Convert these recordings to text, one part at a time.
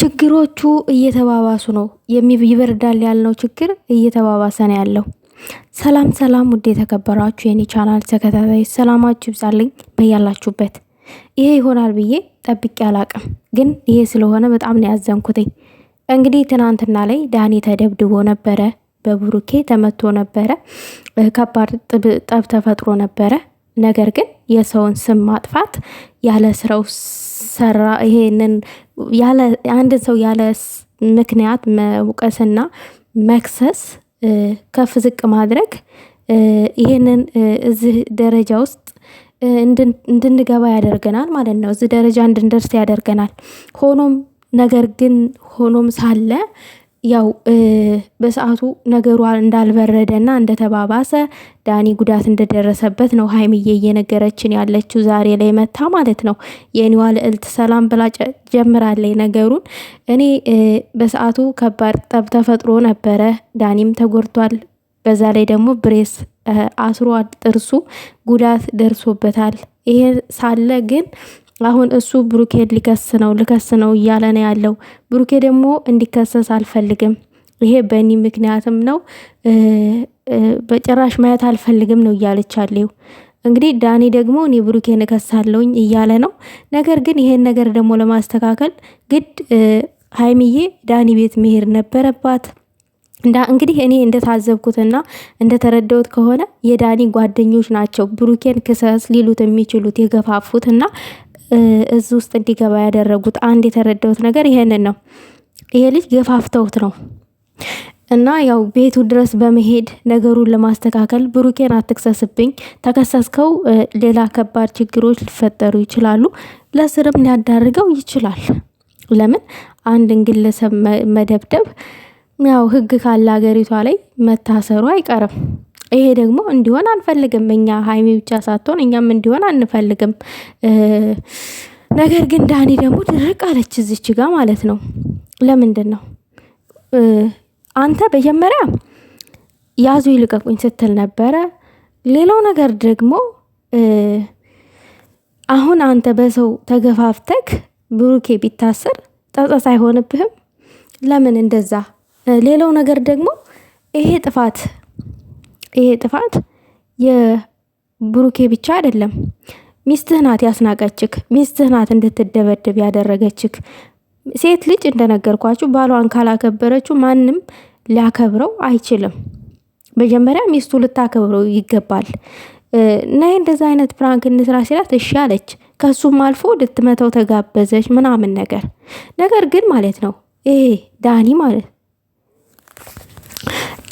ችግሮቹ እየተባባሱ ነው። ይበርዳል ያልነው ችግር እየተባባሰ ነው ያለው። ሰላም ሰላም፣ ውድ የተከበራችሁ የኔ ቻናል ተከታታይ ሰላማችሁ ይብዛልኝ በያላችሁበት። ይሄ ይሆናል ብዬ ጠብቄ አላቅም፣ ግን ይሄ ስለሆነ በጣም ነው ያዘንኩትኝ። እንግዲህ ትናንትና ላይ ዳኒ ተደብድቦ ነበረ፣ በብሩኬ ተመቶ ነበረ፣ ከባድ ጠብ ተፈጥሮ ነበረ። ነገር ግን የሰውን ስም ማጥፋት ያለ ስራው ሰራ ይሄንን ያለ አንድን ሰው ያለ ምክንያት መውቀስና መክሰስ ከፍ ዝቅ ማድረግ ይሄንን እዚህ ደረጃ ውስጥ እንድንገባ ያደርገናል ማለት ነው። እዚህ ደረጃ እንድንደርስ ያደርገናል። ሆኖም ነገር ግን ሆኖም ሳለ ያው በሰዓቱ ነገሯ እንዳልበረደና እንደተባባሰ ዳኒ ጉዳት እንደደረሰበት ነው ሀይምዬ እየነገረችን ያለችው። ዛሬ ላይ መታ ማለት ነው የኒዋ ልዕልት ሰላም ብላ ጀምራለች ነገሩን። እኔ በሰዓቱ ከባድ ጠብ ተፈጥሮ ነበረ። ዳኒም ተጎድቷል። በዛ ላይ ደግሞ ብሬስ አስሯል፣ ጥርሱ ጉዳት ደርሶበታል። ይሄ ሳለ ግን አሁን እሱ ብሩኬድ ሊከስ ነው ልከስ ነው እያለ ነው ያለው። ብሩኬ ደግሞ እንዲከሰስ አልፈልግም፣ ይሄ በእኒ ምክንያትም ነው በጭራሽ ማየት አልፈልግም ነው እያለች እንግዲህ ዳኒ ደግሞ እኔ ብሩኬን እከሳለሁኝ እያለ ነው። ነገር ግን ይሄን ነገር ደግሞ ለማስተካከል ግድ ሀይሚዬ ዳኒ ቤት መሄድ ነበረባት። እንግዲህ እኔ እንደታዘብኩትና እንደተረዳሁት ከሆነ የዳኒ ጓደኞች ናቸው ብሩኬን ክሰስ ሊሉት የሚችሉት የገፋፉት እና እዚህ ውስጥ እንዲገባ ያደረጉት። አንድ የተረዳሁት ነገር ይሄንን ነው። ይሄ ልጅ ገፋፍተውት ነው እና ያው ቤቱ ድረስ በመሄድ ነገሩን ለማስተካከል ብሩኬን አትክሰስብኝ፣ ተከሰስከው ሌላ ከባድ ችግሮች ሊፈጠሩ ይችላሉ፣ ለስርም ሊያዳርገው ይችላል። ለምን አንድን ግለሰብ መደብደብ ያው ህግ ካለ ሀገሪቷ ላይ መታሰሩ አይቀርም። ይሄ ደግሞ እንዲሆን አንፈልግም። እኛ ሀይሚ ብቻ ሳትሆን እኛም እንዲሆን አንፈልግም። ነገር ግን ዳኒ ደግሞ ድርቅ አለች እዚች ጋር ማለት ነው። ለምንድን ነው አንተ መጀመሪያ ያዙ ይልቀቁኝ ስትል ነበረ። ሌላው ነገር ደግሞ አሁን አንተ በሰው ተገፋፍተክ ብሩኬ ቢታሰር ጸጸት አይሆንብህም? ለምን እንደዛ? ሌላው ነገር ደግሞ ይሄ ጥፋት ይሄ ጥፋት የብሩኬ ብቻ አይደለም። ሚስትህ ናት ያስናቀችክ፣ ሚስትህ ናት እንድትደበደብ ያደረገችክ። ሴት ልጅ እንደነገርኳችሁ ባሏን ካላከበረችው ማንም ሊያከብረው አይችልም። መጀመሪያ ሚስቱ ልታከብረው ይገባል። እና እንደዚ አይነት ፕራንክ እንስራ ሲላት እሺ አለች። ከሱም አልፎ ልትመተው ተጋበዘች ምናምን ነገር ነገር ግን ማለት ነው ይሄ ዳኒ ማለት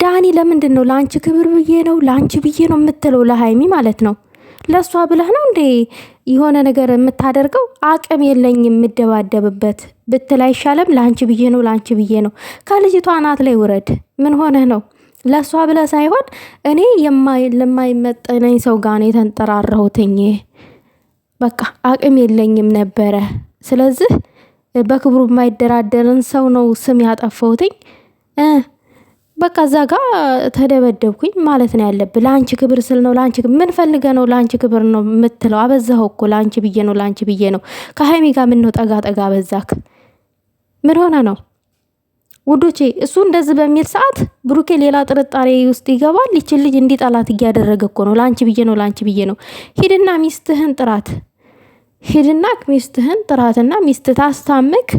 ዳኒ ለምንድን ነው ለአንቺ ክብር ብዬ ነው ለአንቺ ብዬ ነው የምትለው ለሀይሚ ማለት ነው። ለእሷ ብለህ ነው እንዴ የሆነ ነገር የምታደርገው? አቅም የለኝ የምደባደብበት ብትል አይሻለም? ለአንቺ ብዬ ነው ለአንቺ ብዬ ነው። ከልጅቷ አናት ላይ ውረድ። ምን ሆነህ ነው? ለእሷ ብለህ ሳይሆን እኔ ለማይመጠነኝ ሰው ጋር ነው የተንጠራረሁትኝ። በቃ አቅም የለኝም ነበረ። ስለዚህ በክብሩ የማይደራደርን ሰው ነው ስም ያጠፈውትኝ። በቃ እዛ ጋ ተደበደብኩኝ ማለት ነው ያለብህ። ለአንቺ ክብር ስል ነው ለአንቺ ምን ፈልገ ነው ለአንቺ ክብር ነው የምትለው? አበዛኸው እኮ ለአንቺ ብዬ ነው ለአንቺ ብዬ ነው። ከሀይሚ ጋር ምነው ጠጋ ጠጋ አበዛክ? ምን ሆነ ነው ውዶቼ? እሱ እንደዚህ በሚል ሰዓት ብሩኬ ሌላ ጥርጣሬ ውስጥ ይገባል። ይችን ልጅ እንዲ ጠላት እያደረገ እኮ ነው። ለአንቺ ብዬ ነው ለአንቺ ብዬ ነው። ሂድና ሚስትህን ጥራት፣ ሂድና ሚስትህን ጥራትና ሚስት ታስታምክ፣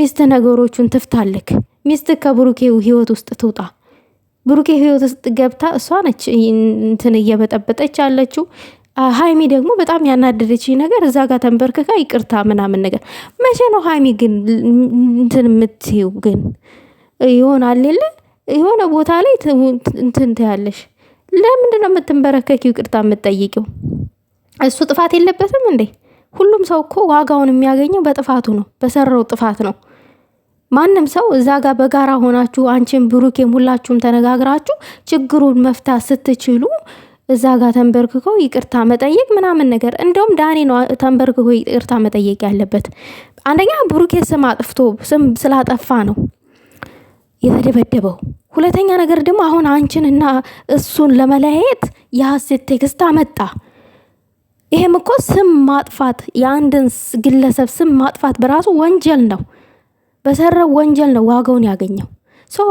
ሚስት ነገሮቹን ትፍታልክ። ሚስትክ ከብሩኬው ህይወት ውስጥ ትውጣ። ብሩኬ ህይወት ውስጥ ገብታ እሷ ነች እንትን እየበጠበጠች ያለችው። ሀይሚ ደግሞ በጣም ያናደደች ነገር እዛ ጋር ተንበርክካ ይቅርታ ምናምን ነገር መቼ ነው ሀይሚ ግን እንትን የምትይው ግን ይሆናል የለ የሆነ ቦታ ላይ እንትን ትያለሽ። ለምንድን ነው የምትንበረከኪው? ይቅርታ የምትጠይቂው? እሱ ጥፋት የለበትም እንዴ? ሁሉም ሰው እኮ ዋጋውን የሚያገኘው በጥፋቱ ነው፣ በሰራው ጥፋት ነው። ማንም ሰው እዛ ጋር በጋራ ሆናችሁ አንቺን ብሩኬም ሁላችሁም ተነጋግራችሁ ችግሩን መፍታት ስትችሉ እዛ ጋር ተንበርክኮ ይቅርታ መጠየቅ ምናምን ነገር እንደውም ዳኔ ነው ተንበርክኮ ይቅርታ መጠየቅ ያለበት። አንደኛ ብሩኬ ስም አጥፍቶ ስም ስላጠፋ ነው የተደበደበው። ሁለተኛ ነገር ደግሞ አሁን አንቺን እና እሱን ለመለያየት የሐሴት ቴክስት አመጣ። ይሄም እኮ ስም ማጥፋት የአንድን ግለሰብ ስም ማጥፋት በራሱ ወንጀል ነው። በሰራው ወንጀል ነው ዋጋውን ያገኘው። ሶ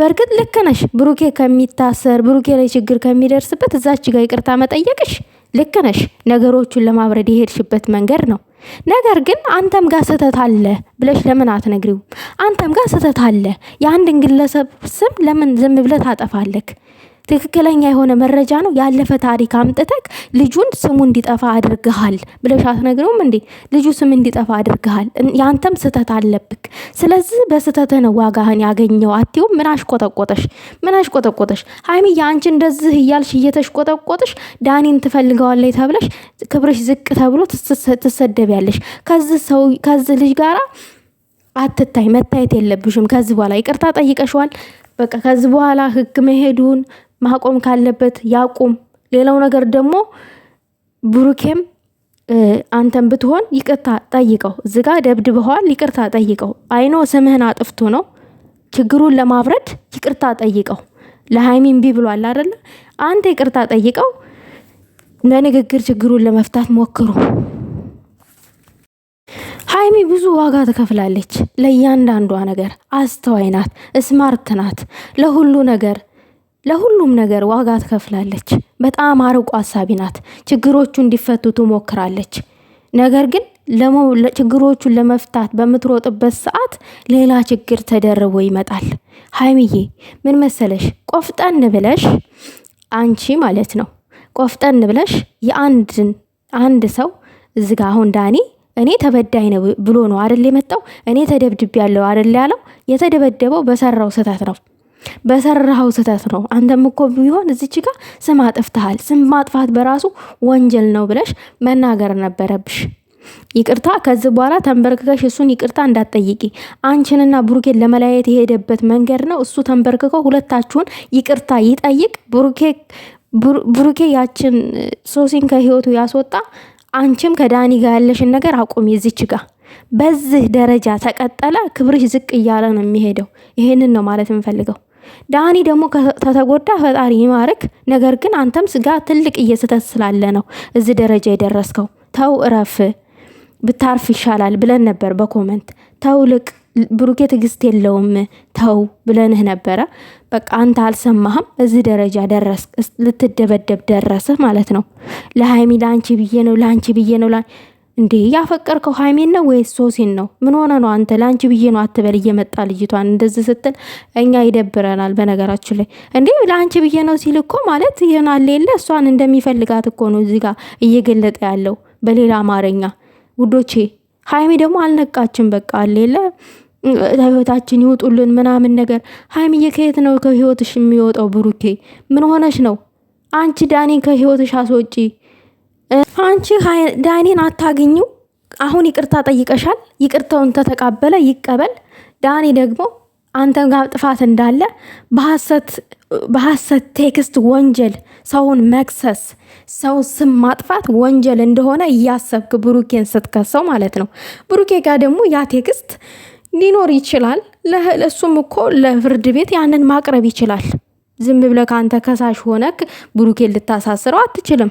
በእርግጥ ልክ ነሽ፣ ብሩኬ ከሚታሰር ብሩኬ ላይ ችግር ከሚደርስበት እዛች ጋ ይቅርታ መጠየቅሽ ልክ ነሽ። ነገሮቹን ለማብረድ የሄድሽበት መንገድ ነው። ነገር ግን አንተም ጋር ስህተት አለ ብለሽ ለምን አትነግሪው? አንተም ጋር ስህተት አለ። የአንድን ግለሰብ ስም ለምን ዝም ብለህ ታጠፋለህ? ትክክለኛ የሆነ መረጃ ነው። ያለፈ ታሪክ አምጥተክ ልጁን ስሙ እንዲጠፋ አድርግሃል ብለሽ አትነግረውም እንዴ? ልጁ ስም እንዲጠፋ አድርግሃል። ያንተም ስህተት አለብክ። ስለዚህ በስህተት ነው ዋጋህን ያገኘው። አትይውም? ምን አሽቆጠቆጠሽ? ምን አሽቆጠቆጠሽ? ሀይሚዬ አንቺ እንደዚህ እያልሽ እየተሽቆጠቆጥሽ ዳኒን ትፈልገዋለች ተብለሽ ክብርሽ ዝቅ ተብሎ ትሰደቢያለሽ። ከዚህ ልጅ ጋራ አትታይ መታየት የለብሽም ከዚህ በኋላ ይቅርታ ጠይቀሽዋል። በቃ ከዚህ በኋላ ህግ መሄዱን ማቆም ካለበት ያቁም። ሌላው ነገር ደግሞ ብሩኬም አንተን ብትሆን ይቅርታ ጠይቀው። እዚ ጋ ደብድበዋል፣ ይቅርታ ጠይቀው። አይኖ ስምህን አጥፍቶ ነው ችግሩን ለማብረድ ይቅርታ ጠይቀው። ለሀይሚ እምቢ ብሏል አደለ? አንተ ይቅርታ ጠይቀው። ለንግግር ችግሩን ለመፍታት ሞክሩ። ሀይሚ ብዙ ዋጋ ትከፍላለች። ለእያንዳንዷ ነገር አስተዋይ ናት፣ ስማርት ናት፣ ለሁሉ ነገር ለሁሉም ነገር ዋጋ ትከፍላለች። በጣም አርቆ አሳቢ ናት። ችግሮቹ እንዲፈቱ ትሞክራለች። ነገር ግን ችግሮቹን ለመፍታት በምትሮጥበት ሰዓት ሌላ ችግር ተደርቦ ይመጣል። ሀይምዬ ምን መሰለሽ፣ ቆፍጠን ብለሽ አንቺ ማለት ነው ቆፍጠን ብለሽ የአንድን አንድ ሰው እዚጋ አሁን ዳኒ እኔ ተበዳይ ነው ብሎ ነው አደል የመጣው። እኔ ተደብድቤ ያለው አደል ያለው። የተደበደበው በሰራው ስህተት ነው። በሰራኸው ስህተት ነው። አንተም እኮ ቢሆን እዚች ጋ ስም አጥፍተሃል። ስም ማጥፋት በራሱ ወንጀል ነው ብለሽ መናገር ነበረብሽ። ይቅርታ ከዚህ በኋላ ተንበርክከሽ እሱን ይቅርታ እንዳትጠይቂ። አንቺንና ብሩኬን ለመለያየት የሄደበት መንገድ ነው። እሱ ተንበርክከው ሁለታችሁን ይቅርታ ይጠይቅ። ብሩኬ ያችን ሶሲን ከህይወቱ ያስወጣ። አንቺም ከዳኒ ጋር ያለሽን ነገር አቁሚ። እዚች ጋ በዚህ ደረጃ ተቀጠለ ክብርሽ ዝቅ እያለ ነው የሚሄደው። ይሄንን ነው ማለት የምፈልገው። ዳኒ ደግሞ ከተጎዳ ፈጣሪ ይማርክ። ነገር ግን አንተም ስጋ ትልቅ እየስተት ስላለ ነው እዚህ ደረጃ የደረስከው። ተው እረፍ፣ ብታርፍ ይሻላል ብለን ነበር በኮመንት። ተው ልቅ ብሩኬ ትግስት የለውም ተው ብለንህ ነበረ። በቃ አንተ አልሰማህም። እዚህ ደረጃ ደረስ፣ ልትደበደብ ደረስህ ማለት ነው። ለሀይሚ ለአንቺ ብዬ ነው ለአንቺ ብዬ ነው እንዴ ያፈቀርከው ሀይሜን ነው ወይስ ሶሴን ነው? ምን ሆነ ነው አንተ? ለአንቺ ብዬ ነው አትበል። እየመጣ ልጅቷን እንደዚህ ስትል እኛ ይደብረናል። በነገራችን ላይ እንዴ ለአንቺ ብዬ ነው ሲል እኮ ማለት ይሆናል የለ እሷን እንደሚፈልጋት እኮ ነው እዚህ ጋር እየገለጠ ያለው በሌላ አማርኛ ውዶቼ። ሀይሜ ደግሞ አልነቃችም። በቃ አሌለ ህይወታችን ይውጡልን ምናምን ነገር። ሀይሚዬ ከየት ነው ከህይወትሽ የሚወጣው? ብሩኬ ምን ሆነሽ ነው አንቺ ዳኒን ከህይወትሽ አስወጪ። አንቺ ዳኒን አታገኙ። አሁን ይቅርታ ጠይቀሻል። ይቅርታውን ተተቃበለ ይቀበል። ዳኒ ደግሞ አንተ ጋር ጥፋት እንዳለ በሐሰት ቴክስት ወንጀል ሰውን መክሰስ ሰው ስም ማጥፋት ወንጀል እንደሆነ እያሰብክ ብሩኬን ስትከሰው ማለት ነው። ብሩኬ ጋር ደግሞ ያ ቴክስት ሊኖር ይችላል። ለእሱም እኮ ለፍርድ ቤት ያንን ማቅረብ ይችላል። ዝም ብለህ ከአንተ ከሳሽ ሆነክ ብሩኬን ልታሳስረው አትችልም።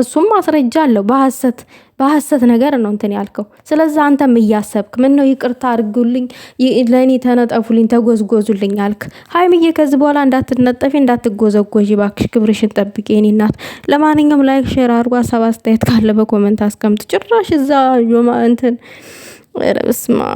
እሱም ማስረጃ አለው። በሐሰት በሐሰት ነገር ነው እንትን ያልከው። ስለዛ አንተም እያሰብክ ምን ነው ይቅርታ አድርጉልኝ፣ ለእኔ ተነጠፉልኝ፣ ተጎዝጎዙልኝ አልክ። ሀይሚዬ ከዚህ በኋላ እንዳትነጠፊ እንዳትጎዘጎዥ ባክሽ፣ ክብርሽን ጠብቂ የኔ እናት። ለማንኛውም ላይክ፣ ሼር አድርጎ ሀሳብ አስተያየት ካለ በኮመንት አስቀምጥ። ጭራሽ እዛ ጆማ እንትን ረብስማ